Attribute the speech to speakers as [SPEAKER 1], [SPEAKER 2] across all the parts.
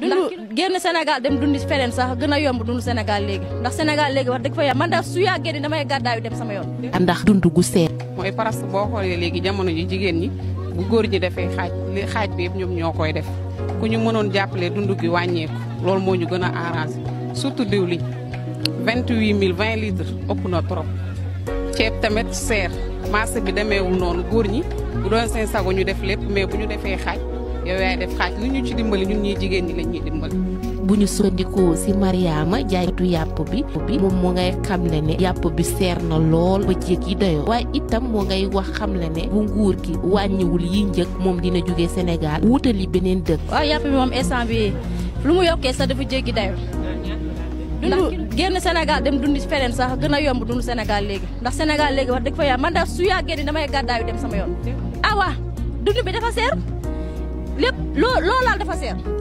[SPEAKER 1] dund génn Sénégal dem dundi feneen sax gën a yomb dund Sénégal léegi ndax Sénégal léegi wax dëgg fa yàlla man daal su yàggee ni damay gàddaayu dem sama yoon.
[SPEAKER 2] ndax dundu gu seet.
[SPEAKER 1] mooy parce que boo xoolee
[SPEAKER 3] léegi jamono ji jigéen ñi bu góor ñi defee xaaj li xaaj bi yëpp ñoom ñoo koy def ku ñu mënoon jàppalee dundu gi wàññeeku loolu moo ñu gën a arrangé surtout diwlin mille 20 litres ëpp na trop. ceeb tamit seer marché bi demeewul noonu góor ñi bu doon seen sago ñu def lépp mais bu ñu defee xaaj. yow yaay def lu ñu ci dimbali ñun ñuy jigéen ñi la ñuy
[SPEAKER 2] yàpp bi moom moo ngay xamle ne yàpp bi seer na lool ba jéeg yi dayoo waaye itam moo ngay wax xamle ne bu nguur gi wàññiwul yi njëg moom dina jóge Sénégal wutali beneen dëkk. waaw yàpp
[SPEAKER 1] bi moom instant bi lu mu yokkee sax dafa jéggi dayoo. ndax génn Sénégal dem dund feneen sax gën a yomb dund Sénégal léegi ndax Sénégal léegi wax dëgg fa yàlla man daal su yàggee ni damay gàddaayu dem sama yoon. ah dund bi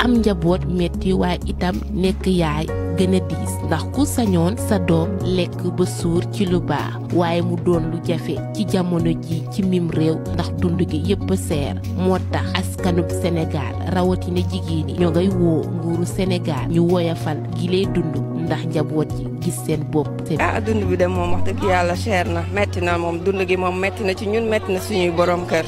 [SPEAKER 2] am njaboot metti waaye itam nekk yaay gën diis ndax ku sañoon sa doom lekk ba suur ci lu baax waaye mu doon lu jafe ci jamono ji ci mim réew ndax dund gi yépp seer moo tax askanub Sénégal rawatina jigéen ñi ñoo ngay woo nguuru Sénégal ñu woyafal gi lay dund ndax njaboot yi gis seen bopp.
[SPEAKER 4] ah dund bi de moom wax dëgg yàlla cher na metti na moom dund gi moom metti na ci ñun metti na suñuy boroom kër.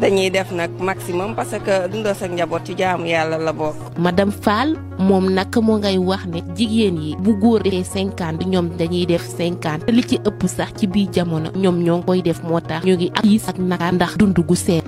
[SPEAKER 4] dañuy def nag maximum parce que dundal sa njaboot ci jaamu yàlla la bokk.
[SPEAKER 2] madame Fall moom naka moo ngay wax ne jigéen yi bu góor defee cinquante ñoom dañuy def cinquante li ci ëpp sax ci biir jamono ñoom ñoo ngi koy def moo tax ñu ngi ak yiis ak naka ndax dund gu seet.